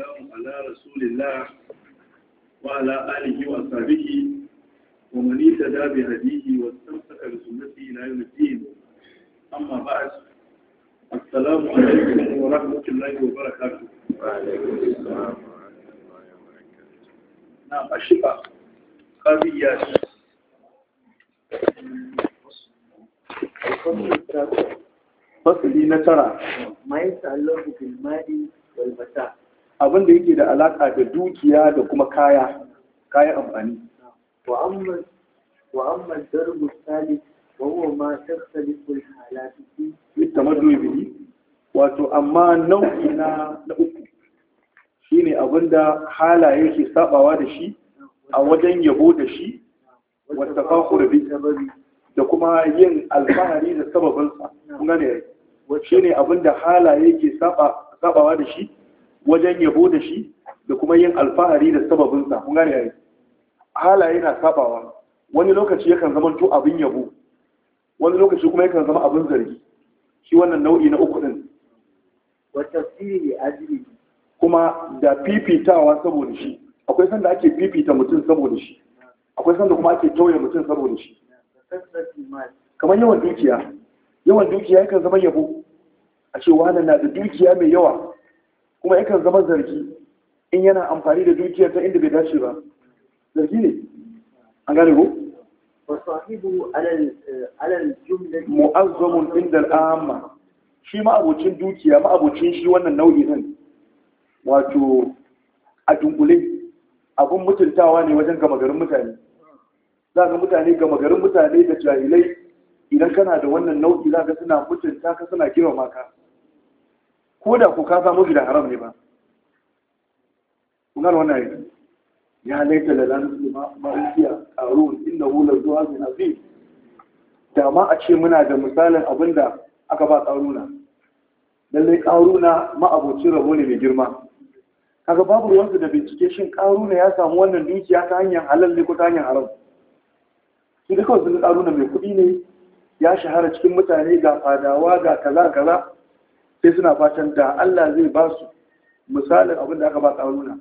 والسلام على رسول الله وعلى آله وأصحابه ومن اهتدى بهديه واستمسك بسنته إلى يوم الدين أما بعد السلام عليكم ورحمة الله وبركاته وعليكم السلام ورحمة الله وبركاته نعم الشفاء قضية فصل نترى ما يتعلق بالماء والمتاع abin da yake da alaƙa da dukiya da kuma kaya kayan amfani wa amma wa amma darbu salis wa huwa ma taktalifu al-halatu fi wato amma nau'i na na uku shine abin da halaye ke sabawa da shi a wajen yabo da shi wata tafakhur bi da kuma yin alfahari da sababinsa kun gane shine abin da halaye ke sabawa da shi wajen yabo da shi da kuma yin alfahari da sababinsa kun gane yayi halaye na sabawa wani lokaci yakan zama to abin yabo wani lokaci kuma yakan zama abin zargi shi wannan nau'i na uku din wa tafsiri li ajli kuma da fifitawa saboda shi akwai sanda ake fifita mutum saboda shi akwai sanda kuma ake tauye mutum saboda shi kamar yawan dukiya yawan dukiya yakan zama yabo a ce wani na da dukiya mai yawa kuma yakan zama zargi in yana amfani da dukiyar ta inda bai dace ba zargi ne an gane ko wasahibu alal eh, alal jumlati mu'azzam inda al'amma shi abocin dukiya abocin shi wannan nau'i din wato a dunkule abun mutuntawa ne wajen gama garin mutane za ga mutane gama garin mutane da jahilai idan kana da wannan nau'i za ka suna mutunta ka suna girma ka ko da ku ka samu da haram ne ba kun gano wannan yanzu ya laita da lanin ma'ukiya karu inda hular zuwa min da ma a ce muna da misalin abin da aka ba ƙaruna lallai ƙaruna ma'abocin rabo ne mai girma kaga babu ruwansu da bincike shin ƙaruna ya samu wannan dukiya ta hanyar halal ne ko ta hanyar haram shi duka wasu karuna mai kuɗi ne ya shahara cikin mutane ga fadawa ga kaza kaza sai suna fatan da Allah zai ba su misalin abin da aka ba tsaruna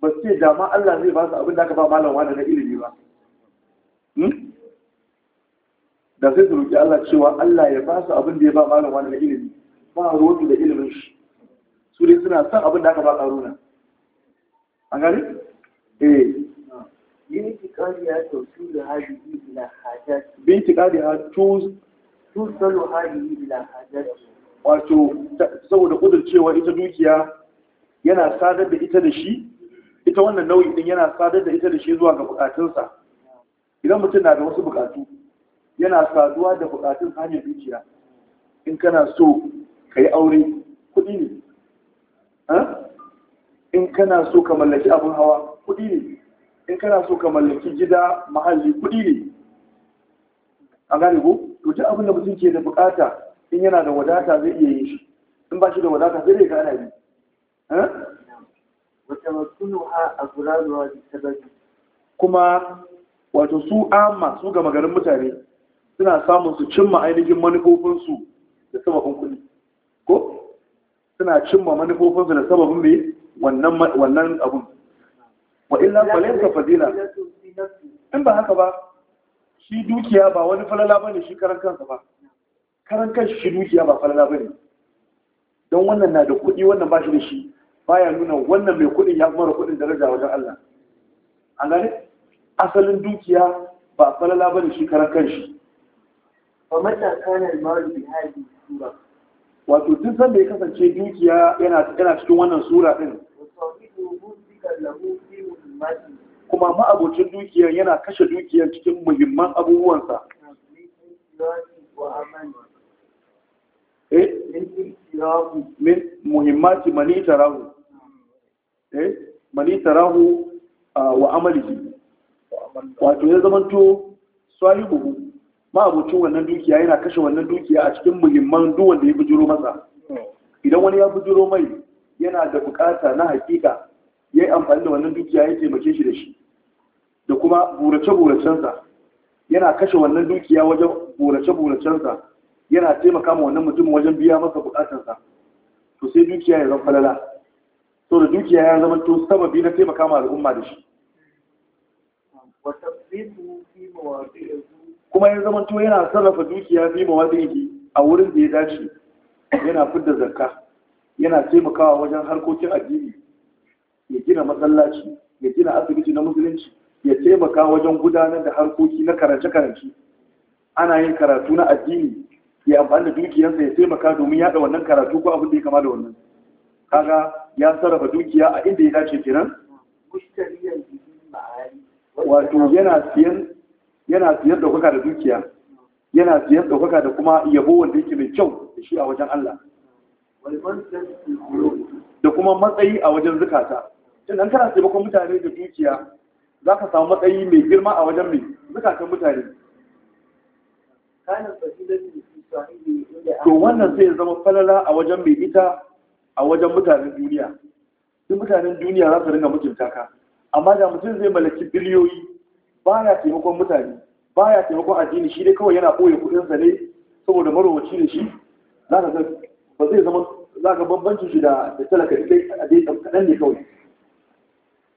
ba su ce da ma Allah zai ba su abin da aka ba malam wani na ilimi ba hmm? da sai su roƙi Allah cewa Allah ya ba su abin da ya ba malam wani na ilimi ba a rotu da ilimin shi su dai suna son abin da aka ba tsaruna an gani? eh binti kariya tausu da hajji ila hajjati binti kariya tausu tausu hajji ila hajjati wato saboda cewa ita dukiya yana sadar da ita da shi ita wannan nau'i din yana sadar da ita da shi zuwa ga bukatunsa idan mutum na da wasu bukatu yana saduwa da bukatun hanyar dukiya in kana so ka yi aure kudi ne in kana so ka mallaki abin hawa kudi ne in kana so ka mallaki gida mahalli kudi ne a gane ko to duk abin da mutum ke da bukata in yana da wadata zai iya yi shi in ba shi da wadata zai riga ana yi eh? ha a kuma wato su amma su gama garin mutane suna samun su cimma ainihin manufofinsu da sababin kuɗi ko suna cimma manufofinsu da sababin mai wannan abun wa illa ka, fadila in ba haka ba shi dukiya ba wani falala ba ne shi karan kansa ba karan kan shi dukiya ba falala ba ne don wannan na da kuɗi wannan ba shi da shi baya nuna wannan mai kuɗin ya mara kuɗin daraja wajen Allah an gane asalin dukiya ba falala ba ne shi karan kan shi fa mata kana al bi hadi sura wato duk da ya kasance dukiya yana yana cikin wannan sura din kuma ma'abocin dukiyar yana kashe dukiyar cikin muhimman abubuwansa eh min mani tarahu eh mani tarahu wa wato ya zamanto salihu ma'abucin wannan dukiya yana kashe wannan dukiya a cikin muhimman duk wanda ya bujiro masa idan wani ya bujiro mai yana da bukata na hakika ya yi amfani da wannan dukiya ya taimake shi da shi da kuma burace-buracensa yana kashe wannan dukiya wajen burace-buracensa yana taimaka ma wannan mutum wajen biya masa bukatarsa to sai dukiya ya zama falala to da dukiya ya zama to sababi na taimaka ma al'umma da shi kuma ya zama to yana sarrafa dukiya fi ma mawadihi a wurin da ya dace yana fidda zakka yana taimakawa wajen harkokin addini ya gina masallaci ya gina asibiti na musulunci ya taimaka wajen gudanar da harkoki na karance-karance ana yin karatu na addini ya amfani da dukiyarsa ya taimaka domin yaɗa wannan karatu ko abin da ya kama da wannan kaga ya sarrafa dukiya a inda ya dace kenan wato yana siyan yana siyan ɗaukaka da dukiya yana siyan ɗaukaka da kuma yabo wanda yake mai kyau da shi a wajen Allah da kuma matsayi a wajen zukata tun an kana taimakon mutane da dukiya za ka samu matsayi mai girma a wajen mai zukatan mutane kanin fasilatin to wannan sai ya zama falala a wajen mai ita a wajen mutanen duniya sun mutanen duniya za su ringa mutunta ka amma da mutum zai mallaki biliyoyi ba ya taimakon mutane ba ya taimakon addini shi dai kawai yana ɓoye kuɗinsa ne saboda marowaci da shi za ka ba zai zama za ka bambancin shi da talaka dai a dai kaɗan ne kawai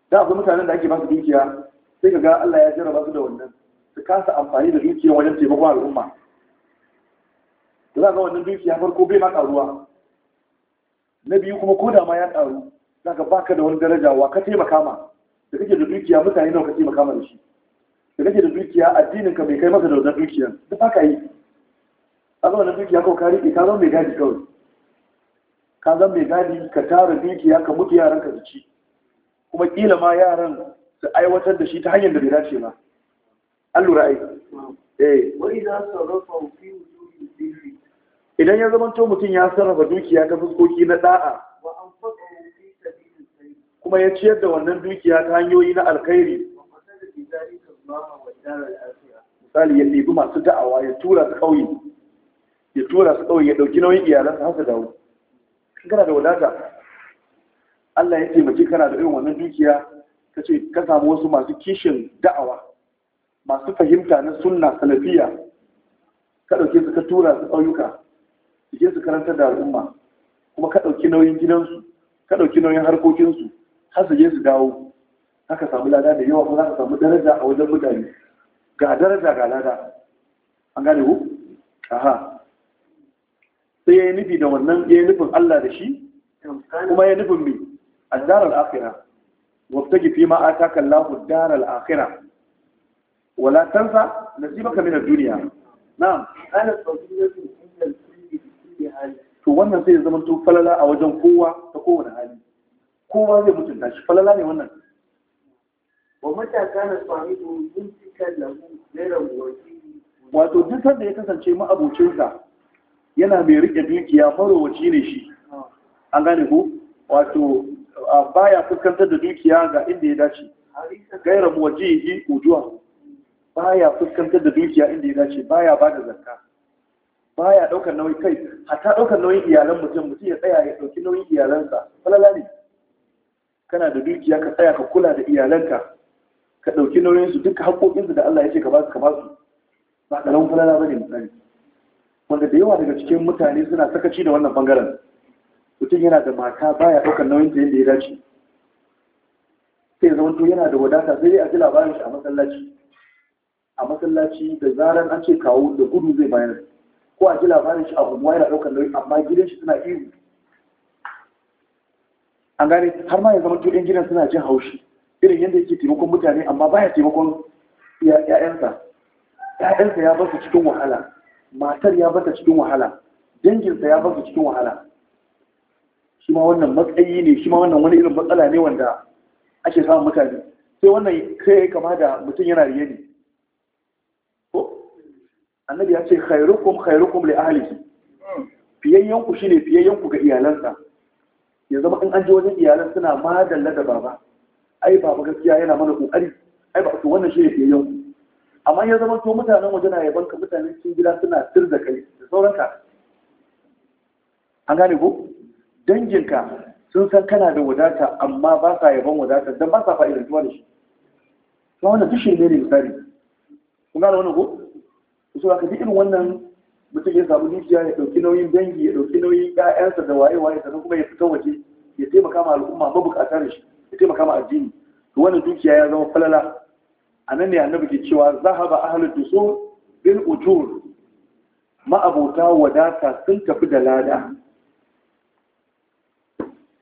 da akwai mutanen da ake ba su dukiya sai ka ga Allah ya jarraba su da wannan su kasa amfani da dukiya wajen taimakon al'umma za ga wannan dukiya farko bai maka ruwa na biyu kuma ko da ma ya karu za ka baka da wani daraja wa ka taimaka ma da kake da dukiya mutane nawa ka taimaka ma da shi da kake da dukiya addinin ka bai kai masa da wannan dukiya duk baka yi a ga wannan dukiya ko ka rike ka zama mai gadi kawai ka zama mai gadi ka tara dukiya ka mutu yaran ka su ci kuma kila ma yaran su aiwatar da shi ta hanyar da bai dace ba an lura ai eh wa idan sarrafa fi wujuhi idan ya zama to mutum ya sarrafa dukiya ta fuskoki na da'a kuma ya ciyar da wannan dukiya ta hanyoyi na alkhairi misali ya ɗebi masu da'awa ya tura su ƙauye ya tura su ƙauye ya ɗauki nauyin iyalansa har su dawo kana da wadata Allah ya taimaki kana da irin wannan dukiya ka ce ka samu wasu masu kishin da'awa masu fahimta na sunna salafiya ka ɗauke su ka tura su ƙauyuka su je su karantar da al'umma kuma ka ɗauki nauyin gidansu ka ɗauki nauyin harkokinsu har su je su dawo haka samu lada da yawa kuma za ka samu daraja a wajen mutane ga daraja ga lada an gane ku aha sai ya yi nufi da wannan ya yi nufin Allah da shi kuma ya nufin mai a darar akira wata fi ma ataka Allahu daral akhirah wala tansa nasibaka min ad-dunya na'am ana tsofi to wannan zai zama to falala a wajen kowa ta kowane hali kowa zai mutunta shi falala ne wannan wa mata kana sahibu yumsika lahu ghayra wakili wato duk sanda ya kasance ma'abocinsa yana mai rike dukiya marowaci ne shi ah. an gane ko wato baya fuskantar da dukiya ga inda ya dace ghayra muwajjihi ujuwa baya fuskantar da dukiya inda ya dace baya ba da zakka Ba ya ɗaukar nauyi kai hatta ɗaukar nauyin iyalan mutum mutum ya tsaya ya ɗauki nauyin iyalansa falala ne kana da dukiya ka tsaya ka kula da iyalanka ka ɗauki nauyin su duka haƙoƙinsu da Allah ya ce ka ba su ka ba su ba karamin falala bane misali wanda da yawa daga cikin mutane suna sakaci da wannan bangaren mutum yana da mata baya ɗaukar nauyin ta yadda ya dace sai zama to yana da wadata sai dai a ji labarin shi a masallaci a masallaci da zaran an ce kawo da gudu zai bayar ko a ji labarin shi a gumuwa yana ɗaukar nauyi amma gidan shi suna ihu an gane har ma ya zama yan gidan suna jin haushi irin yadda yake taimakon mutane amma baya taimakon ‘ya'yansa ‘ya'yansa ya basu cikin wahala matar ya basu cikin wahala danginsa ya basu cikin wahala shi ma wannan matsayi ne shi ma wannan wani irin matsala ne wanda ake samun mutane sai wannan sai kama da mutum yana riye ne annabi ya ce khairukum khairukum li ahlihi fiyayyen ku shine fiyayyen ku ga iyalansa ya zama in an je wajen iyalan suna madalla da baba ai baba gaskiya yana mana kokari ai ba su wannan shine fiyayyen ku amma ya zama to mutanen waje na yaban ka mutanen cikin gida suna tir da kai da sauranka an gane ko danginka sun san kana da wadata amma ba sa yaban wadata dan ba sa fa'idantuwa da shi to wannan duk ne ne misali kun gane wannan ko su ka irin wannan mutum ya samu dukiya ya ɗauki nauyin dangi ya ɗauki nauyin ƴaƴansa da waye waye sannan kuma ya fita waje ya taimaka ma al'umma mabukata da shi ya taimaka ma addini to wannan dukiya ya zama falala a nan ne annabi ke cewa zahaba ahlud dusur bil ujur ma'abota wadata sun tafi da lada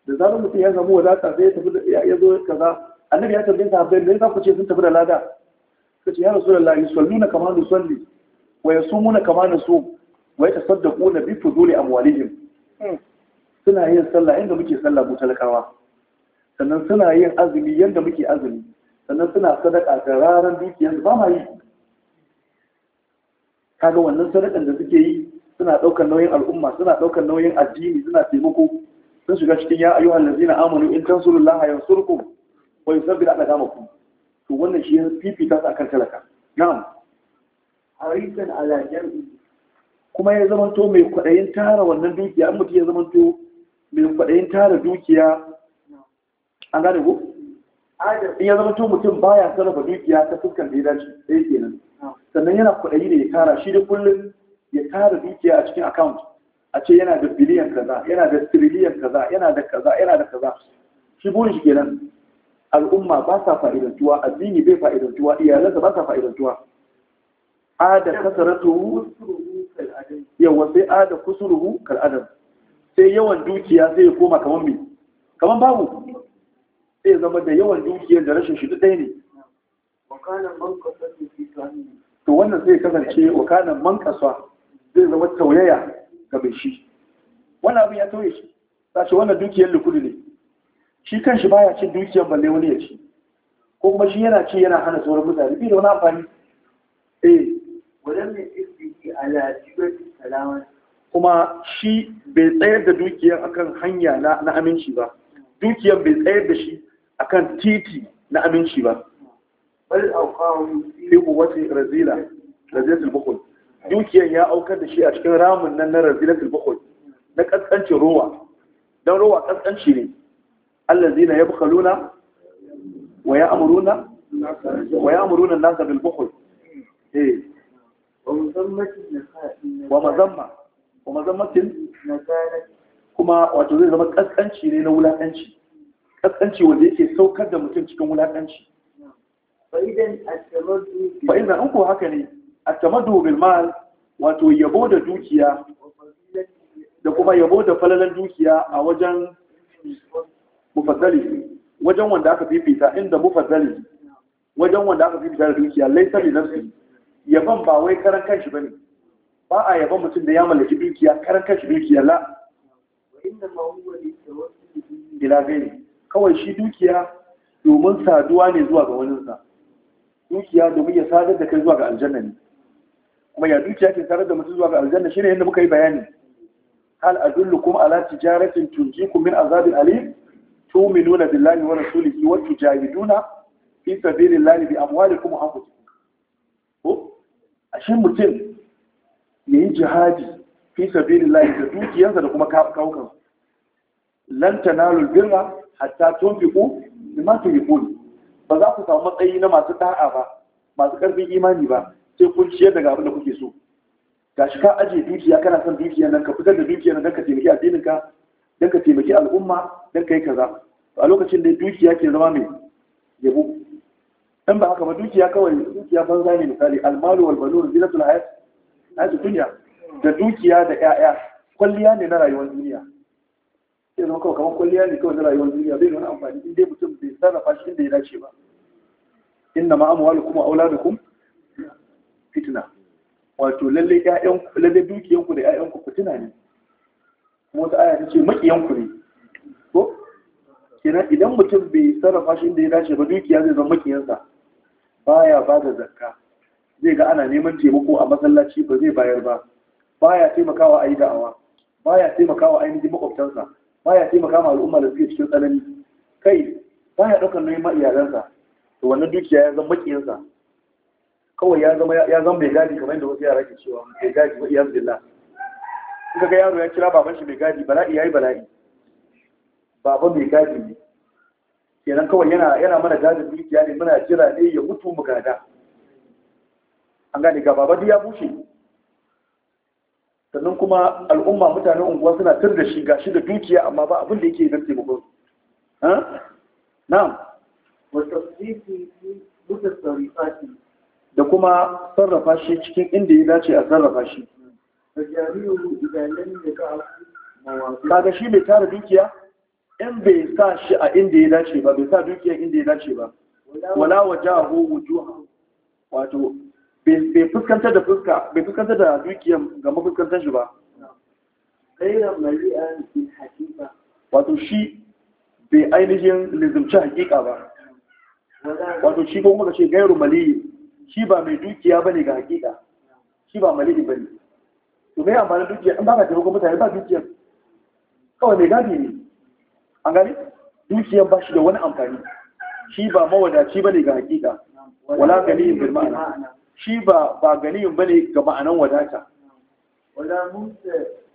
da zarar mutum ya samu wadata sai ya tafi da ya zo kaza annabi ya tambaye sahabbai me za ku ce sun tafi da lada kace ya rasulullahi salluna kama nusalli wa yasumuna kama nasu wa yatasaddaquna bi fuduli amwalihim hmm. suna yin sallah inda muke sallah mu talakawa sannan suna yin azumi yanda muke azumi sannan suna sadaka da raran dukiyar ba ma yi kaga wannan sadakan da suke yi suna daukar nauyin al'umma suna daukar nauyin addini suna taimako sun shiga cikin ya ayu allazina amanu in tansurullaha yansurkum wa yusabbir aqdamakum to wannan shi ya fifita su akan talaka na'am harisan ala jam'i kuma ya zamanto mai kwaɗayin tara wannan dukiya an mutu ya zamanto mai kwaɗayin tara dukiya an gane ku? in ya zamanto mutum baya sarrafa dukiya ta fuskan da ya dace ɗaya kenan sannan yana kwaɗayi da ya tara shi da kullum ya tara dukiya a cikin account a ce yana da biliyan kaza yana da triliyan kaza yana da kaza yana da kaza shi burin shi kenan al'umma ba sa fa'idantuwa addini bai fa'idantuwa iyalansa ba sa fa'idantuwa ada kasaratuhu yawa sai ada kusuruhu kal'adam sai yawan dukiya sai ya koma kamar mai kamar babu sai zama da yawan dukiyar da rashin shi duk ɗaya ne to wannan zai kasance wakanan mankasa zai zama tauyaya ga mai shi wannan abin ya tauye shi ce wannan dukiyar likudu ne shi kan shi baya cin dukiyar balle wani ya ci ko kuma shi yana ci yana hana sauran mutane bi da wani amfani eh kuma shi bai tsayar da dukiyar akan hanya na aminci ba dukiyar bai tsayar da shi akan titi na aminci ba bal auqahu fi quwwati razila razilatul bukhul dukiya ya aukar da shi a cikin ramin nan na razilatul bukhul na kaskancin rowa dan rowa kaskanci ne allazina yabkhaluna wa ya'muruna wa ya'muruna an-nasa bil bukhul eh wa mazamma wa mazammatin kuma wato zai zama kaskanci ne na wulakanci kaskanci wanda yake saukar da mutum cikin wulakanci fa idan an ko haka ne at-tamaddu bil mal wato yabo da dukiya da kuma yabo da falalan dukiya a wajen mufaddali wajen wanda aka fifita inda mufaddali wajen wanda aka fifita da dukiya laisa li nafsi yaban ba wai karan kanshi bane ba a yaban mutum da ya mallaki dukiya karan kanshi dukiya la ma ila gani kawai shi dukiya domin saduwa ne zuwa ga sa dukiya domin ya sadar da kai zuwa ga aljanna ne kuma ya dukiya ke sadar da mutum zuwa ga aljanna shine yadda muka yi bayani hal adullukum ala tijaratin tunjikum min azabin alim tu'minuna billahi wa rasulihi wa tujahiduna fi sabilillahi bi amwalikum wa anfusikum ashe mutum ya yi jihadi fi lai da dukiyarsa da kuma kawukan lanta na birra hatta masu yi kuli ba za ku samu matsayi na masu ta'a ba masu karfin imani ba sai kun ciyar daga abin da kuke so gashi ka ajiye dukiya kana son dukiya nan ka fitar da dukiya nan don ka taimaki addinin ka don ka taimaki al'umma don ka yi kaza a lokacin da dukiya ke zama mai yabo in ba haka ba dukiya kawai dukiya ban zane misali almalu wal banun zinatul hayat hayat dunya da dukiya da 'ya'ya kulliya ne na rayuwar duniya sai zama kawai kamar kulliya ne kawai na rayuwar duniya bai wani amfani in dai mutum bai sarrafa shi inda ya dace ba inna ma amwalukum wa auladukum fitna wato lalle ƴaƴan lalle dukiyan ku da ƴaƴan ku fitina ne kuma ta aya ta ce makiyan ku ne ko kenan idan mutum bai sarrafa shi inda ya dace ba dukiya zai zama makiyansa baya ba da zakka zai ga ana neman taimako a masallaci ba zai bayar ba baya taimakawa a yi da'awa baya taimakawa a ainihin makwabtansa baya taimakawa al'umma da suke cikin tsanani kai baya ɗaukar nauyin ma iyalansa to wannan dukiya ya zama makiyansa? kawai ya zama ya zama mai gadi kamar yadda wasu yara ke cewa mai gadi wa iyaz billah in ga yaro ya kira baban shi mai gadi bala'i yayi bala'i baba mai gadi ne kenan kawai yana yana mana gadin dukiya ne muna jira ne ya mutu mu gada an gane ga baba ya bushe sannan kuma al'umma mutanen unguwa suna tur da shi gashi da dukiya amma ba abin da yake nan taimako na'am da kuma sarrafa shi cikin inda ya dace a sarrafa shi kaga shi mai tara dukiya in bai sa shi a inda ya dace ba bai sa dukiyar inda ya dace ba wala wajahu wujuha wato bai fuskantar da fuska bai fuskantar da dukiyar ga mafuskantar shi ba wato shi bai ainihin lizimci hakika ba wato shi kuma muka ce gairu maliyi shi ba mai dukiya ba ne ga hakika shi ba maliyi ba ne to mai amfani dukiya in ba ka taimako mutane ba dukiyar kawai mai gadi ne an gani dukiyar ba shi da wani amfani shi ba mawadaci ba ne ga hakika wala ganiyin bil ma'ana shi ba ba ganiyin ba ne ga ma'anan wadata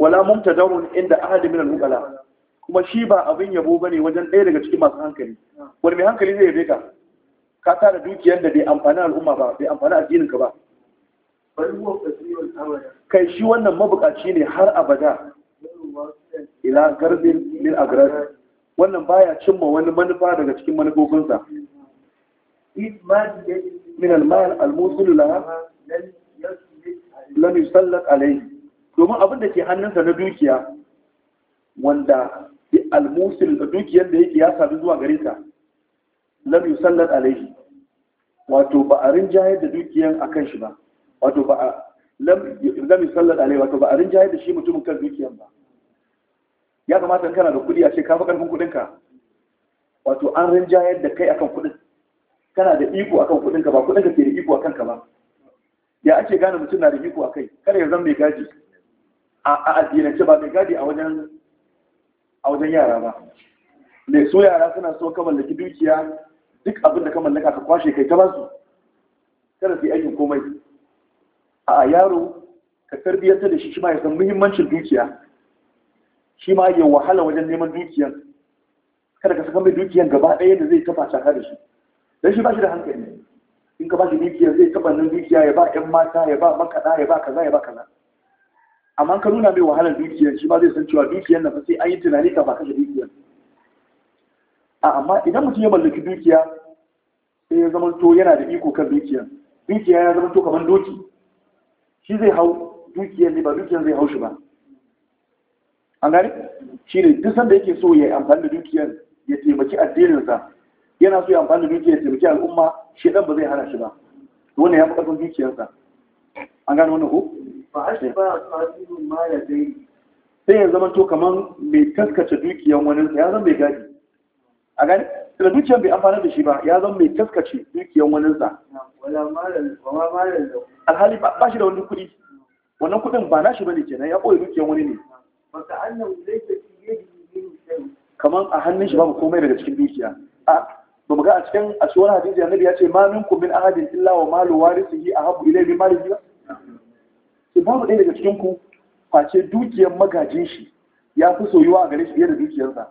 wala mumta daurin inda ahadi min al-uqala kuma shi ba abin yabo ba ne wajen ɗaya daga cikin masu hankali wani mai hankali zai rika? ka ka tara dukiyar da bai amfani al'umma ba bai amfani jinin ka ba kai shi wannan mabukaci ne har abada ila garbin mil agrar wannan baya cimma wani manufa daga cikin manufofinsa min al-musul la lam yusallat alayhi domin abin da ke hannunsa na dukiya wanda almusul da dukiyar da yake ya sadu zuwa gare ta lam yusallat alayhi wato ba a rinjayar da dukiyar akan shi ba wato ba a lam yusallat alayhi wato ba a rinjayar da shi mutumin kan dukiyar ba ya kamata kana da kuɗi a ce ka fi ƙarfin kuɗinka wato an rinjayar da kai akan kuɗin kana da iko akan kuɗinka ba kuɗinka ke da iko akan ka ba ya ake gane mutum na da iko a kai kada ya zama mai gadi a addinance ba mai gadi a wajen a wajen yara ba mai so yara suna so ka mallaki dukiya duk abin da ka mallaka ka kwashe kai ta basu kada su yi aikin komai a yaro ka tarbiyyar da shi shi ma ya san muhimmancin dukiya shi ma ya wahala wajen neman dukiyan kada ka saka mai dukiyan gaba ɗaya da zai tafa shaka da shi dan shi ba shi da hankali in ka ba shi dukiyan zai taɓa nan dukiya ya ba 'yan mata ya ba makaɗa ya ba kaza ya ba kaza amma ka nuna mai wahalar dukiyar shi ba zai san cewa dukiyar na sai an yi tunani ka ba kashe dukiyar a amma idan mutum ya mallaki dukiya sai ya zama to yana da iko kan dukiyar dukiya ya zama to kamar doki shi zai hau dukiyar ne ba dukiyar zai hau shi ba an gane shi ne duk sanda yake so ya yi amfani da dukiyar ya taimaki addininsa yana so ya amfani da dukiyar ya taimaki al'umma shi dan ba zai hana shi ba wannan ya fi dukiyarsa an gane wannan ko ba shi ba tsarin ma ya dai sai ya zama to kamar mai taskace dukiyar wani ya zama mai gadi a gani da dukiyar bai amfana da shi ba ya zama mai taskace dukiyar wani sa alhali ba shi da wani kuɗi wannan kuɗin ba na ne bane kenan ya ɓoye dukiyar wani ne Kaman a hannun shi babu komai daga cikin dukiya ba ga a cikin a cikin hadisi annabi ya ce ma minkum min ahadin illa wa malu warisihi ahabu ilayhi min malihi ba to babu ɗaya daga cikin ku face dukiyar magajin shi ya fi soyuwa a gare shi fiye da dukiyarsa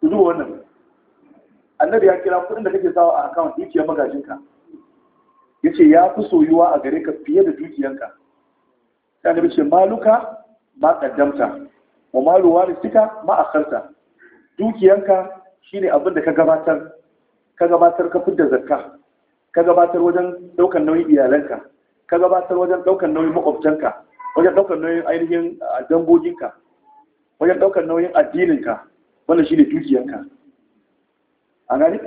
ku duba wannan annabi ya kira kuɗin da kake sawa a account dukiyar magajinka Ya ce ya fi soyuwa a gare ka fiye da dukiyarka sai annabi ce maluka ma kaddamta wa malu warisika ma akharta dukiyanka shine abin da ka gabatar ka gabatar ka fidda zakka ka gabatar wajen daukan nauyin iyalanka ka gabatar wajen daukan nauyin makwabtanka wajen daukan nauyin ainihin dangoginka wajen daukan nauyin addininka wannan shine dukiyanka a gani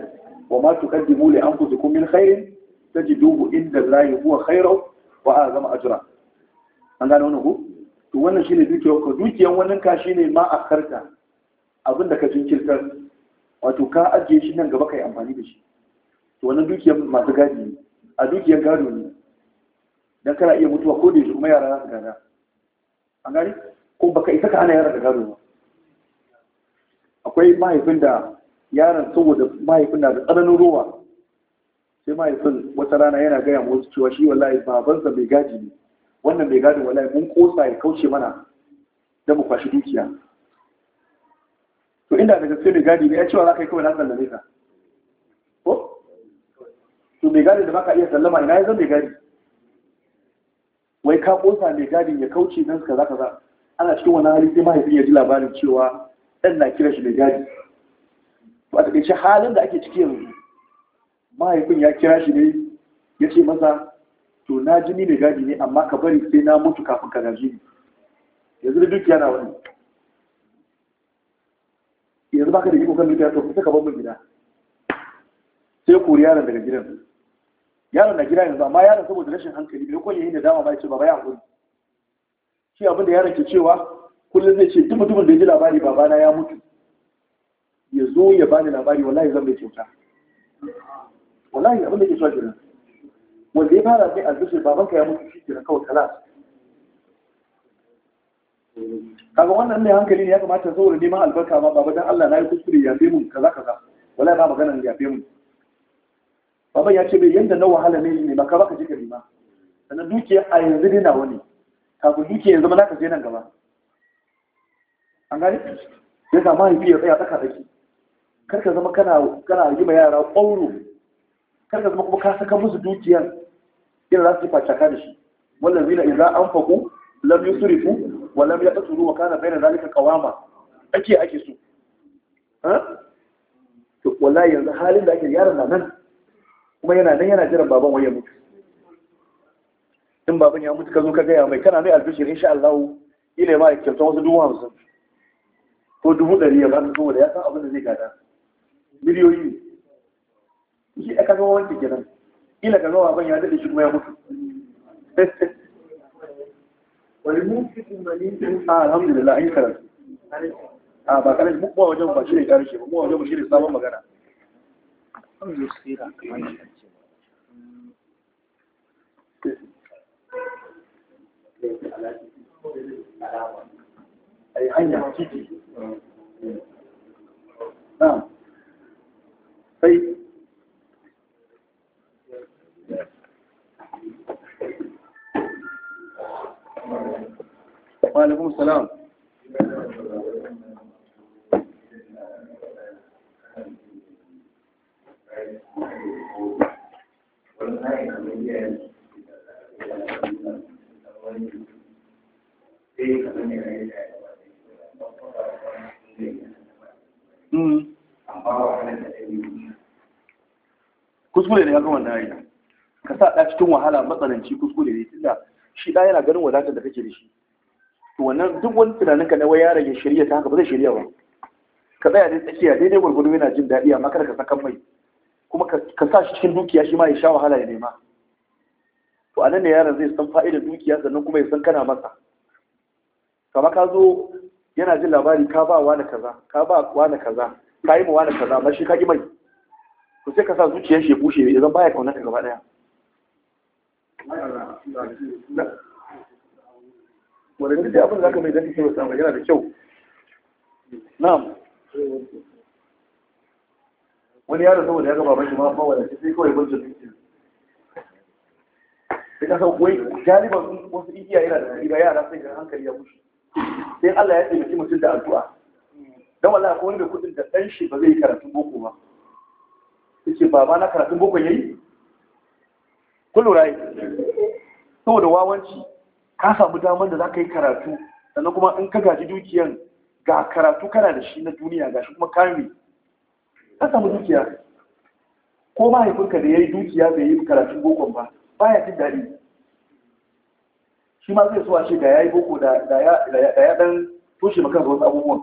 wa ma tuqaddimu li anfusikum min khairin tajiduhu inda Allah huwa khairu wa a'zamu ajra an gane wannan ku to wannan shine dukiyar ka dukiyar wannan ka shine ma a karta abin da ka jinkirtar wato ka ajiye shi nan gaba ka yi amfani da shi to wannan dukiyar masu gadi ne a dukiyar gado ne dan kana iya mutuwa ko da yaushe kuma yara za su gada an gani ko baka isa ka hana yara da gado ba akwai mahaifin da yaron saboda mahaifin na da tsananin ruwa sai mahaifin wata rana yana gaya ma wasu cewa shi wallahi babansa mai gaji ne wannan mai gadin wala mun kosa ya kauce mana da mu kwashi dukiya to inda daga sai mai gadi ne ya cewa za ka yi kawai na sallame ka ko to mai gadi da baka iya sallama ina ya zan mai gadi wai ka kosa mai gadi ya kauce nan ka za ka za ana cikin wani hali sai mahaifin ya ji labarin cewa ɗan na kira shi mai gadi to a taƙaice halin da ake ciki yanzu mahaifin ya kira shi ne ya ce masa to na ji ni mai gadi ne amma ka bari sai na mutu kafin ka gaji ni yanzu da duk na wani yanzu baka da iko duk ya to kusa ka bar min gida sai ku yaron daga gidan yaron na gida yanzu amma yaron saboda rashin hankali bai kwanye yin da dama ba ya ce baba ya hakuri shi abin da yaron ke cewa kullum zai ce dubu dubun da ya ji labari babana ya mutu ya zo ya bani labari wallahi zan bai kyauta wallahi abin da ke cewa kenan wanda ya fara mai albishir babanka ya mutu shi ke kawai kala. kaga wannan ne hankali ne ya kamata da neman albarka ma baba dan Allah na yi kuskure ya fi mun kaza kaza wallahi ba magana ya fi mun baba ya ce bai yanda na wahala ne ne ba ka baka ji gari ma sannan dukiya a yanzu dai nawa ne Kaga dukiya yanzu ba za ka je nan gaba an gani ya sa haifi ya tsaya tsaka tsaki kar ka zama kana kana yi ma yara ƙwauro kar ka zama kuma ka saka musu dukiyar kila za su yi da shi wannan zina za an faku lam yusrifu wa lam yaqtulu wa kana bayna zalika qawama ake ake so ha to wallahi yanzu halin da ake yaron na nan kuma yana nan yana jira baban waye mutu in baban ya mutu ka zo ka gaya mai kana mai albishir insha Allah ile ma ya kyauta wasu dubu hamsin ko dubu dari ya baka da ya san abin da zai gada miliyoyi shi aka ga wanke kenan ila ga gawa ban ya daɗe shi kuma ya mutu ah, alhamdulillah an yi karatu a ah, ba karatu mu kuma wajen ba shi ne karshe ba mu wajen ba shi ne sabon magana ai hanya titi na sai وعليكم السلام hmm. kuskure ne ya ga wannan ka sa ɗa cikin wahala matsananci kuskure ne tunda shi ɗaya yana ganin wadatar da kake da shi to wannan duk wani tunanin ka na wai yaron ya shirya ta haka ba zai shirya ba ka tsaya dai tsakiya daidai gwargwado yana jin daɗi amma kada ka sakan mai kuma ka sa shi cikin dukiya shi ma ya sha wahala ya nema to a nan ne yaron zai san fa'idar dukiya sannan kuma ya san kana masa kama ka zo yana jin labari ka ba wani kaza ka ba wani kaza ka yi ma wani kaza amma shi ka ki mai to sai ka sa zuciyar shi ya bushe ya zan baya kaunar ka gaba ɗaya wadanda da abin da aka mai zafi kewa samun yana da kyau na'am wani yaro saboda ya gaba bashi ma shi sai kawai bunce duki sai ka sau wai galiban wasu igiya yana da ba yara sai ga hankali ya bushe sai Allah ya taimaki mutum da addu'a don wala akwai wanda kudin da ɗan shi ba zai yi karatu boko ba yace baba na karatun boko yayi kun lura yi saboda wawanci ka samu damar da za ka yi karatu sannan kuma in ka gaji dukiyan ga karatu kana da shi na duniya ga shi kuma kame ka samu dukiya ko mahaifinka da ya yi dukiya bai yi karatun bokon ba ba ya jin daɗi shi ma zai suwa ce da ya yi boko da ya ɗan toshe maka wasu abubuwan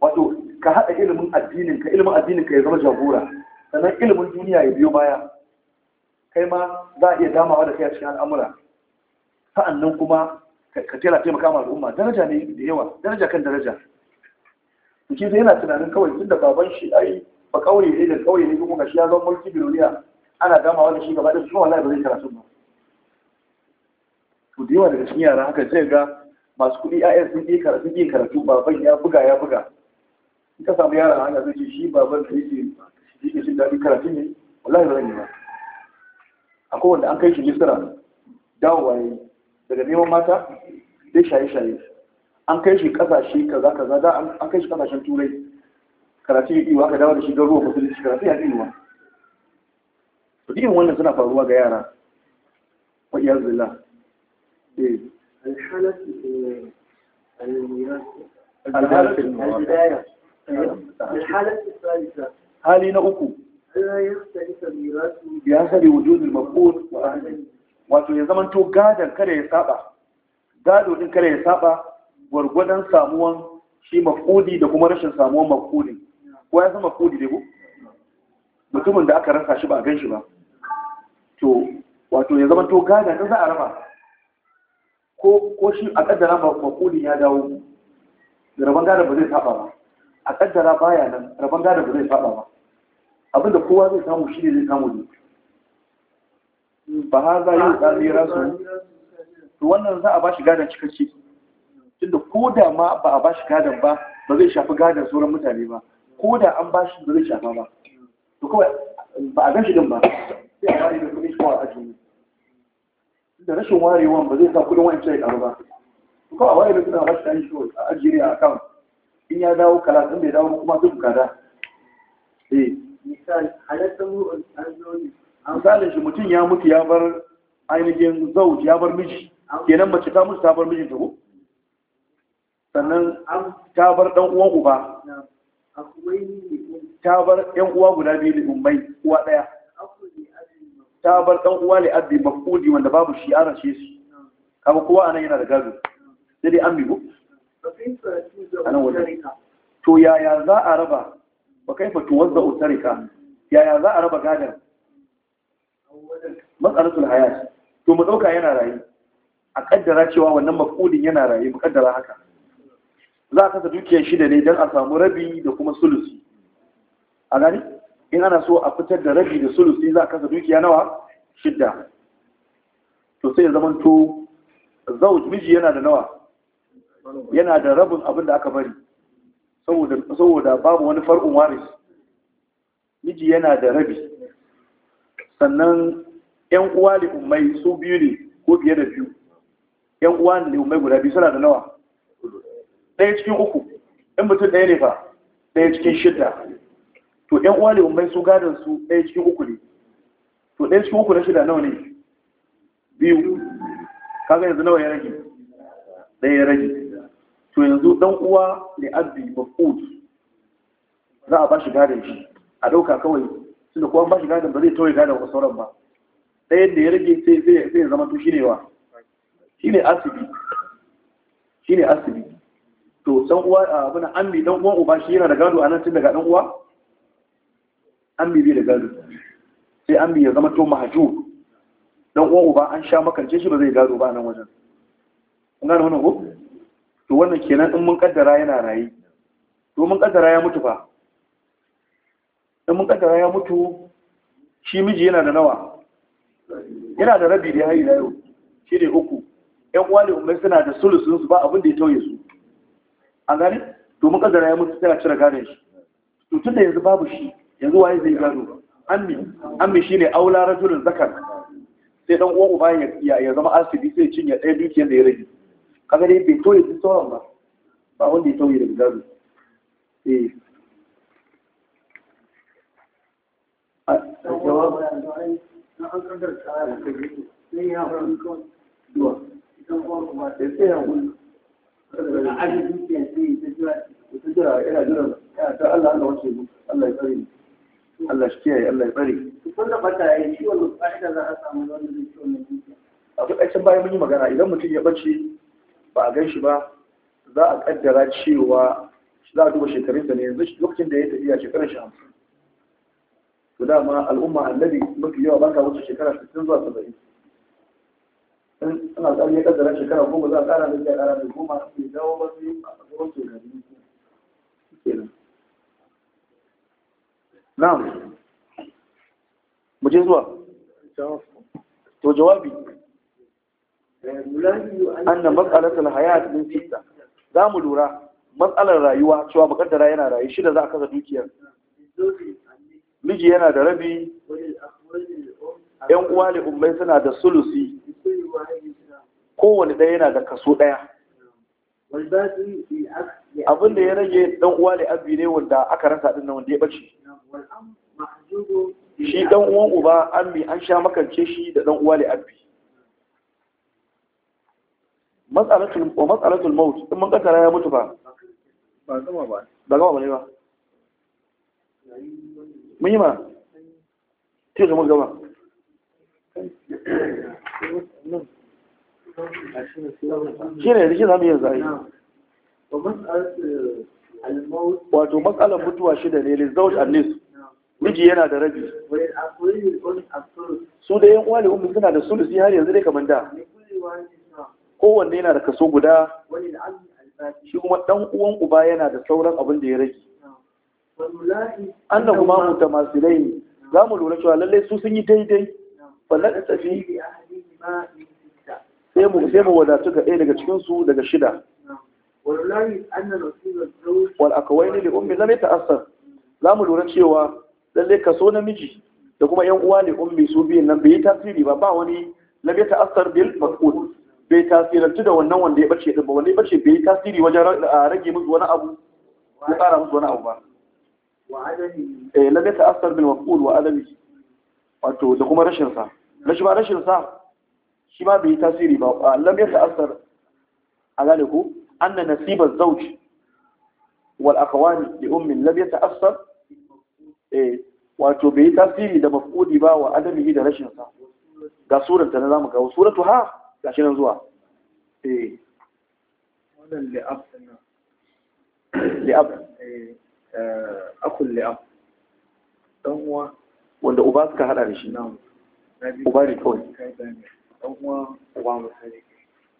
wato ka haɗa ilimin addinin ka ilimin addinin ka ya zama jagora sannan ilimin duniya ya biyo baya kai ma za a iya damawa da kai a cikin al'amura sa'annan kuma ka tela taimaka ma al'umma daraja ne da yawa daraja kan daraja shi sai yana tunanin kawai tun da baban shi ai ba kauye ne da kauye ne kuma shi ya zama mulki biloniya ana damawa da shi gaba da su wallahi ba zai karatu ba to da yawa daga cikin yara haka zai ga masu kuɗi ayyan sun yi karatu yin karatu baban ya buga ya buga in ka samu yara hanya zai ce shi baban da yake shi ke shi daɗin karatu ne wallahi ba zai yi ba akwai wanda an kai shi misira dawo waye daga neman mata dai shaye-shaye an kai shi kasashe kaza kaza da an kai shi kasashen turai karatu ya ɗiwa ka dawo da shi don ruwa musulunci karatu ya ɗiwa to irin wannan suna faruwa ga yara wa iya zila hali na uku ya sari wujudul maqul wa wato ya zaman to gadon kada ya saba gado din kada ya saba gwargwadon samuwan shi mafudi da kuma rashin samuwan mafudi ko ya san mafudi ne ko mutumin da aka rasa shi ba a gan shi ba to wato ya zama to gada ta za a raba ko shi a kaddara makulin ya dawo da rabon gada ba zai saba ba a kaddara baya nan rabon gada ba zai saba ba abinda kowa zai samu shi ne zai samu ne ba ha za yi da mera su to wannan za a ba shi gadon cikakke tunda ko da ma ba a ba shi gadon ba ba zai shafi gadon sauran mutane ba ko da an ba shi ba zai shafa ba to kawai ba a gan shi din ba sai a ware da kuɗin shi kawai a ajiye da rashin warewan ba zai sa kuɗin wani cire karu ba to kawai a ware da suna a ba shi a ajiye a akawun in ya dawo kala ɗin bai dawo kuma zai bukata eh misali shi mutum ya mutu ya bar ainihin zauji ya bar miji kenan mace ta mutu ta bar mijin tabo sannan ta bar ɗan uwan uba ta bar ɗan uwa guda biyu da umbai uwa ɗaya ta bar ɗan uwa da abdi mafudi wanda babu shi an rashe su kama kowa anan yana da gado sai dai an bigo anan wajen to yaya za a raba wa kaifa tuwazza'u tarika yaya za a raba gadon matsalatul hayat to mu dauka yana raye a kaddara cewa wannan mafudin yana raye mu kaddara haka za a kasa dukiyar shida ne don a samu rabi da kuma sulusi a gani in ana so a fitar da rabi da sulusi za a kasa dukiya nawa Shidda. to sai ya zamanto zauj miji yana da nawa yana da rabin abin da aka bari saboda babu wani far'un waris miji yana da rabi sannan yan uwa da umai su biyu ne ko biye da biyu yan uwa da umai guda biyu suna da nawa ɗaya cikin uku 'yan mutum ɗaya ne fa ɗaya cikin shida to yan uwa da umai su gadon su ɗaya cikin uku ne to ɗaya cikin uku na shida nawa ne biyu kaga yanzu nawa ya rage ɗaya ya rage to yanzu dan uwa ne abdi mafud za a bashi shi gadon shi a dauka kawai tunda kuma bashi gadon ba zai tauye gadon wa sauran ba Sai da ya rage sai ya zama to shine wa shine asibi shine asibi to dan uwa abuna ammi dan uwa uba shi yana da gado a nan tun daga dan uwa ammi bai da gado sai ammi ya zama to mahaju dan uwa uba an sha makance shi ba zai gado ba nan wajen kun gane wannan ko to wannan kenan in mun kaddara yana rayi to mun kaddara ya mutu fa in mun kaddara ya mutu shi miji yana da nawa yana da rabi da hayi yau shi ne uku ƴan uwa ne umar suna da sulusun su ba abin da ya tauye su an gane to mun kaddara ya mutu sai a cire gane shi to tun da yanzu babu shi yanzu waye zai gado ammi ammi shine aula rajulun zakar sai dan uwan uba ya zama asibi sai cinye ɗaya dukiyar da ya rage kaga dai bai yi duk ba ba wanda ya tauye daga gado eh. Allah shi kiyaye Allah ya bari. Kun da bata yayi ciwon da za a samu wannan ciwon da dukiya. Abu ɗakin bayan mun yi magana idan mutum ya bace ba a gan shi ba za a kaddara cewa za a duba shekarunsa ne yanzu lokacin da ya tafiya shekarar shi hamsin to dama al'umma annabi mafi yawa ba wuce shekara sittin zuwa saba'in in ana tsari ya kaddara shekara goma za a ƙara da ya ƙara da goma sai dawo ba sai a tsoron tunani kenan na'am mu je zuwa to jawabi anna mas'alatul hayat min sitta za mu lura matsalar rayuwa cewa makaddara yana rayu shida za a kasa dukiyar miji yana da rabi yan uwa ne ummai suna da sulusi kowane ɗaya yana da kaso ɗaya abin da ya rage dan uwa ne abi ne wanda aka rasa din nan wanda ya bace shi dan uwan uba ammi an sha makance shi da dan uwa ne abi matsalatul maut in mun kasara ya mutu ba ba gama ba ne ba mun yi ma ce mun gama shi ne rikin zamiyar yanzu wato matsalar mutuwa shida ne lizauj annis miji yana da rabi su da yan uwa umu suna da sulusi har yanzu dai kamar da kowanne yana da kaso guda shi kuma dan uwan uba yana da sauran abin da ya rage Annabu ma kuma mu tamasirai ne za mu lura cewa lallai su sun yi daidai ballan da tafi sai mu sai mu wadatu ga ɗaya daga cikin su daga shida wal wai ne da ummi ta ta'assar za mu lura cewa lallai kaso namiji da kuma yan uwa ne ummi su biyan nan bai yi tasiri ba ba wani lam ta'assar bil maf'ul bai tasirantu da wannan wanda ya bace ɗin ba wanda ya bace bai yi tasiri wajen rage musu wani abu ya tsara musu wani abu ba eh lalle ta asar bil maf'ul wa adami wato da kuma rashin sa rashin ba rashin sa shi ma bai yi tasiri ba lam ya ta'assar a gane ku anna nasiba zawj wal akhawani li ummi lam ya eh wato bai yi tasiri da mafudi ba wa adami da rashin sa ga surata na zamu ga suratu ha gashi nan zuwa eh. eh, eh, wanda uba suka hada da shi nan uba ne kawai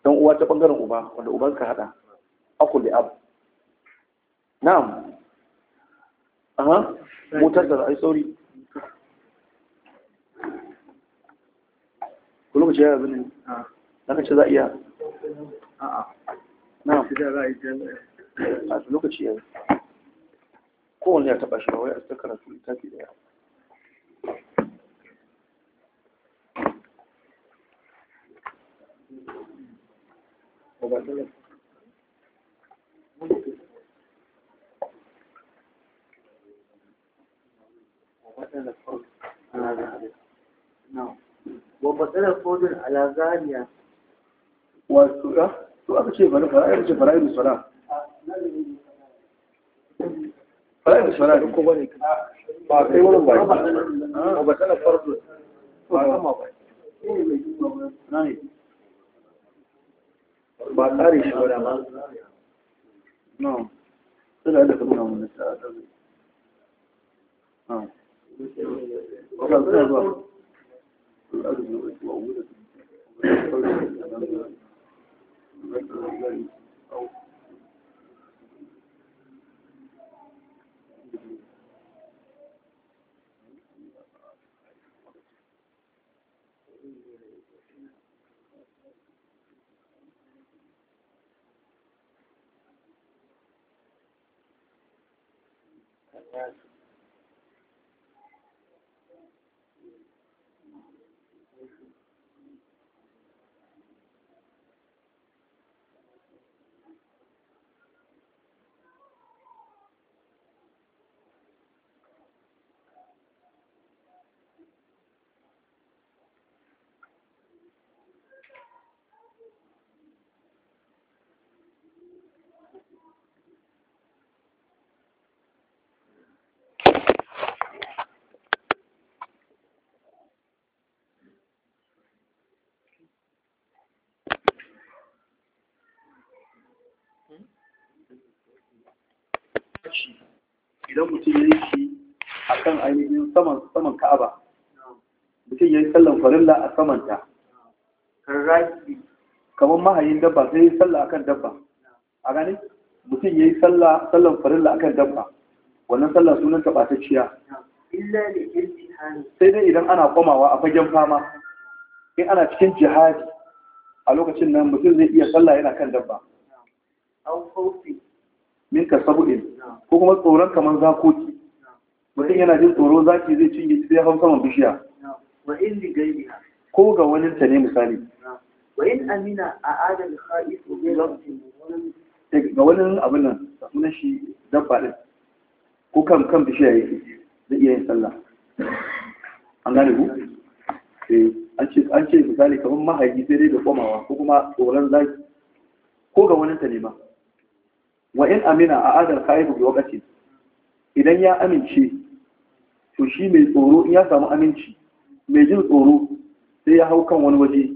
dan uwa ta bangaren uba wanda uba suka hada akul li'ab na'am aha motar da ai sauri kuma ce ya zane zaka ce za a iya a'a na a lokaci yanzu kowane ya taba shi wai a cikin karatu littafi daya وبدل فرد على غالية wasu ya su aka ce ce ne ba kai ba tana farko ba ba no suna da kuma wani ba ba zuwa Yes. idan mutum ya yi shi a kan ainihin saman ka'aba mutum ya yi sallan farilla a samanta kamar mahayin dabba sai yi a kan dabba a gani mutum ya yi sallan farilla kan dabba wannan sallan sunan ta ɓatacciya sai dai idan ana komawa a fagen fama in ana cikin jihadi a lokacin nan mutum zai iya salla yana kan dabba min ka sabu'in ko kuma tsoron kamar zakoki mutum yana jin tsoro zaki zai cinye sai hau saman bishiya ko ga wani ta ne misali amina a eh, ga wani abin nan na shi dabba ɗin. ko kan kan bishiya yake zai iya yin sallah an gane ku eh, an ce misali kamar mahaifi sai dai da komawa ko kuma tsoron zaki ko ga wani ta ne ma wa in amina a adar ka'ibu bi wakati idan ya amince to shi mai tsoro in ya samu aminci mai jin tsoro sai ya hau kan wani waje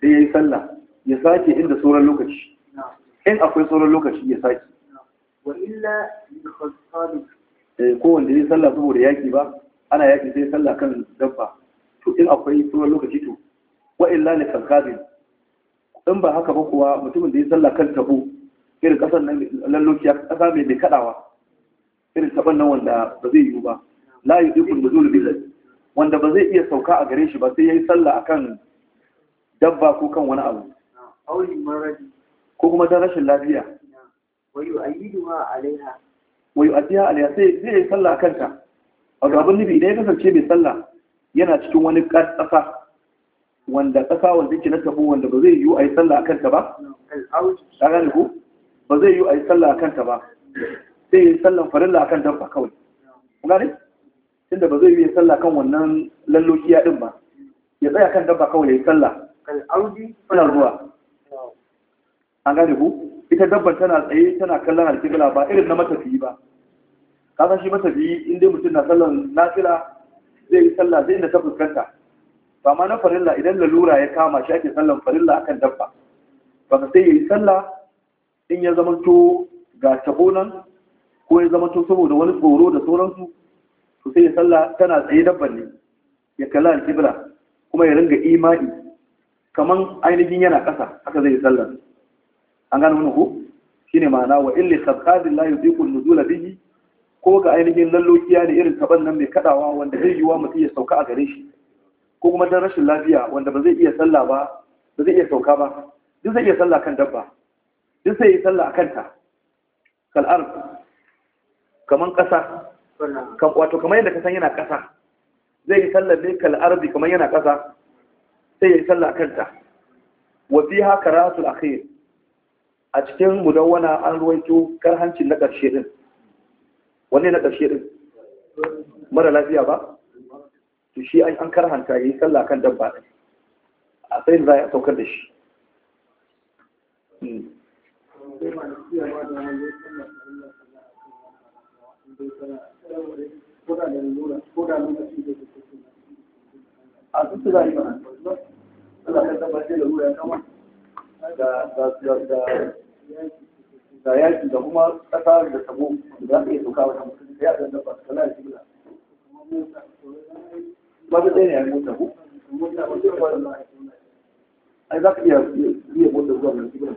sai ya yi sallah ya sake inda sauran lokaci in akwai sauran lokaci ya sake wa illa eh, ko wanda ya sallah saboda yaki ba ana yaki sai sallah kan dabba to in akwai sauran lokaci to wa illa li kalkabin in ba haka ba kuwa mutumin da ya sallah kan tabo irin ƙasar nan lalloki ƙasa mai mai kaɗawa irin taɓan nan wanda ba zai yiwu ba la yi dukkan da zulu bilal wanda ba zai iya sauka a gare shi ba sai ya yi sallah akan dabba ko kan wani abu ko kuma don rashin lafiya wayu a sai zai yi sallah kanta a gaban nufi idan ya kasance mai sallah yana cikin wani ƙasa wanda ƙasa wanda yake na tabo wanda ba zai yiwu a yi sallah a kanta ba? Ka gane ku? ba zai yi a yi sallah a kanta ba sai yi sallan farilla a kan dabba kawai kuma ne inda ba zai yi sallah kan wannan ya ɗin ba ya tsaya kan dabba kawai ya yi sallah tana ruwa an gane ku ita dabban tana tsaye tana kallon alkibla ba irin na matafiyi ba kasan shi matafiyi inda mutum na sallan nafila zai yi sallah zai inda ta fuskanta ba ma na farilla idan lalura ya kama shi ake sallan farilla akan dabba ba ka sai ya yi sallah in ya zamanto ga tabo nan ko ya zamanto saboda wani tsoro da sauransu to sai ya salla tana tsaye dabban ne ya kalla alkibla kuma ya ringa imani kaman ainihin yana ƙasa haka zai sallar an gano wani ko ne ma'ana wa illi khabqadin la yudiqu an zula bihi ko ga ainihin lallokiya ne irin taban nan mai kaɗawa wanda zai yiwa mutum ya sauka a gare shi ko kuma dan rashin lafiya wanda ba zai iya sallah ba zai iya sauka zai iya sallah kan dabba duk sai ya sallah a kanta kal'ar kaman ƙasa wato kamar yadda ka san yana ƙasa zai yi sallar ne bi kamar yana ƙasa sai ya yi sallah a kanta wafi haka a kai a cikin mudawwana an ruwaito karhancin na ƙarshe din wanne na ƙarshe din mara lafiya ba to shi an karhanta ya yi sallah kan dabba ɗin a sai za a saukar da shi hmm. a duk da yi ba Allah ka tabbatar da ruwa kama da da da da yaki da kuma kasa ya zanda ba su ai za ka iya iya mota zuwa mai jibla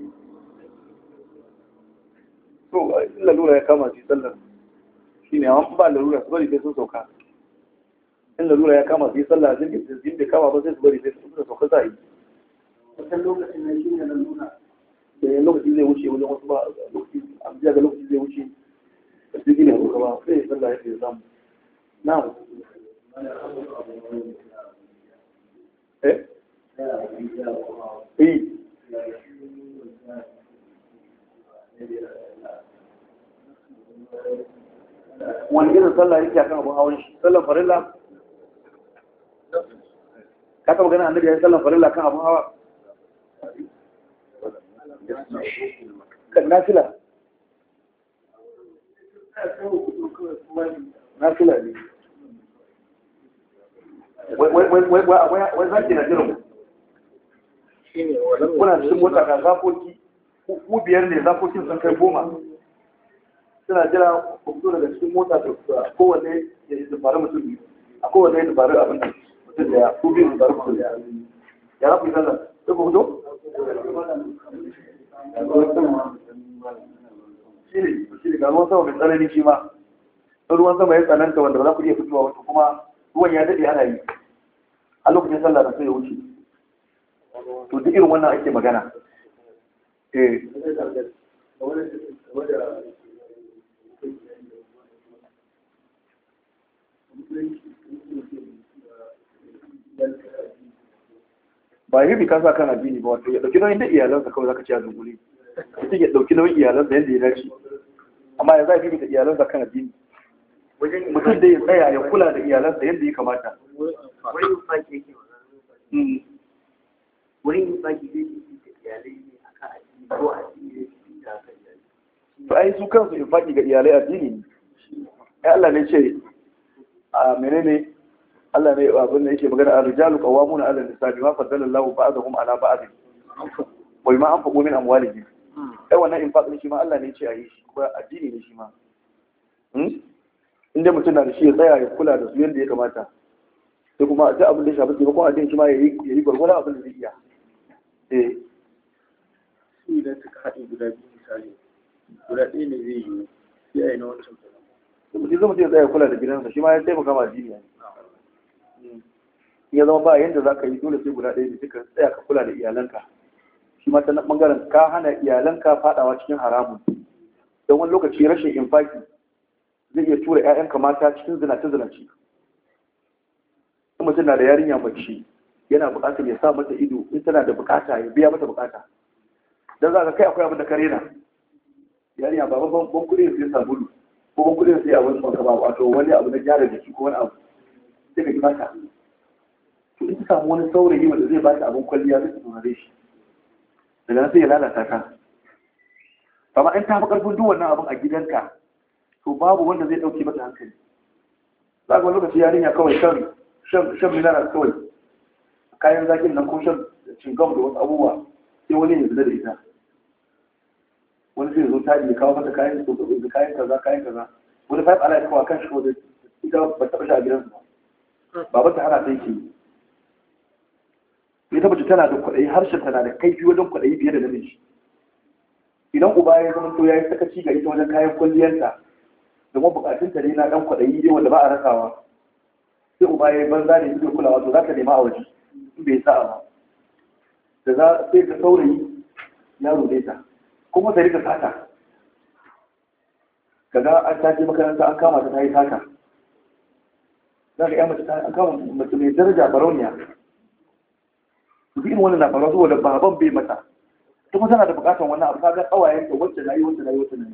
to lalura ya kama shi sallar shi ne amma ba lalura su bari sai sun sauka in lalura ya kama su yi sallah jirgin jirgin da kama ba sai su bari sai su sauka za a yi kusan lokacin na shi ne lalura da lokaci zai wuce wajen wasu ba lokaci an jiya ga lokaci zai wuce da jirgin ya wuka ba sai ya sallah ya fi samu na eh eh wani irin sallah yake kan abin hawan shi sallan farilla ka taba ganin annabi ya yi sallan farilla kan abin hawa kan nafila nafila ne wai zaki na jirin kuna cikin mota ga zafoki ku biyar ne zafokin sun kai goma suna jira hukumu daga cikin mota da kowane ya yi dubara mutum biyu a kowane ya dubara abin da mutum daya ko biyu dubara mutum da ya rafi sallah sai kuma zo? shi ne ga ruwan sama mai tsanani shi ma ruwan sama ya tsananta wanda ba za ku iya fitowa wata kuma ruwan ya daɗe ana yi a lokacin sallah da sai ya wuce to duk irin wannan ake magana eh ba yi bi kasa kan addini ba wato ya dauki nauyin da iyalansa kawai zaka ci a dungule mutum ya dauki nauyin iyalansa yadda ya dace amma ya zai da iyalansa kan addini mutum da ya tsaya ya kula da iyalansa yadda ya kamata wurin yin baki mm. zai yi iyalai ne akan addini ko addini ne su da iyalai to ai su kansu infaki ga iyalai addini ne Ya Allah ne ce a menene Allah ne abin da yake magana al rijalu qawamuna 'ala an-nisa bima faddala Allahu ba'dahum 'ala ba'd wa bima anfaqu min amwalihim ai wannan infaq ne shi ma Allah ne ya ce a yi shi kuma addini ne shi ma hmm? inda mutum na da shi ya tsaya ya kula da su yadda ya kamata sai kuma a ji abin da ya shafi taimakon addini shi ma ya yi gwargwadon abin da zai iya eh idan suka haɗe guda biyu misali guda ɗaya ne zai yi sai a yi na wancan mutum zama zai tsaya kula da gidansa shi ma ya taimaka ma jini ya zama ba yadda za ka yi dole sai guda ɗaya da suka tsaya ka kula da iyalanka shi ma ta ɓangaren ka hana iyalanka faɗawa cikin haramun don wani lokaci rashin infaki zai iya tura 'ya'yanka mata cikin zinace zinace mutum na da yarinya mace yana buƙatar ya sa mata ido in tana da buƙata ya biya mata buƙata don za ka kai akwai abin da ka rena yarinya ba ban kuɗi sai sabulu kuma kudin sai abin son ka ba wato wani abu na gyara jiki ko wani abu sai ka ji mata to in samu wani saurayi wanda zai ba abin kwalliya zai saurare shi daga nan sai ya lalata ka amma in ta fi karfin duk wannan abin a gidanka to babu wanda zai dauke mata hankali za ga lokaci yarinya kawai shan shan shan minarar kawai kayan zakin nan ko shan cingam da wasu abubuwa sai wani ya zina da ita wani zai zo ta yi kawo mata kayan so ga kayan kaza kayan kaza wani fa ala kawai kan shi ko da ita ba ta bashi a gidansu ba baba ta hana ta yake ya tabbata tana da kwaɗayi harshen tana da kaifi wajen kwaɗayi biyar da namiji idan uba ya zama to ya yi sakaci ga ita wajen kayan kwalliyarta da kuma ta ne na dan kwaɗayi ne wanda ba a rasawa sai uba ya yi banza ne ido kulawa to za ka nema a waje in bai sa'a ba da za sai ka saurayi yaro dai ta kuma ta rika sata kaga an ta je makaranta an kama ta ta yi sata za ka yi mace ta an kama mace mai daraja barauniya su irin wannan na faruwa saboda baban bai mata ta kuma tana da bukatan wannan abu kaga tsawayen ta wacce na yi wacce na yi wacce na yi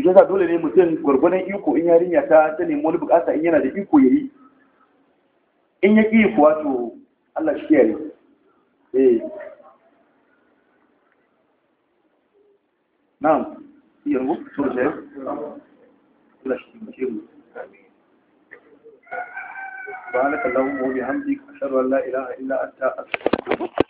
shi yasa dole ne mutum gwargwadon iko in yarinya ta ta nemi wani bukata in yana da iko ya yi in ya ƙi kuwa to Allah shi kiyaye yi. Eh. نعم يرمو سورة لا شيء سبحانك اللهم وبحمدك أشهد أن لا إله إلا أنت أستغفرك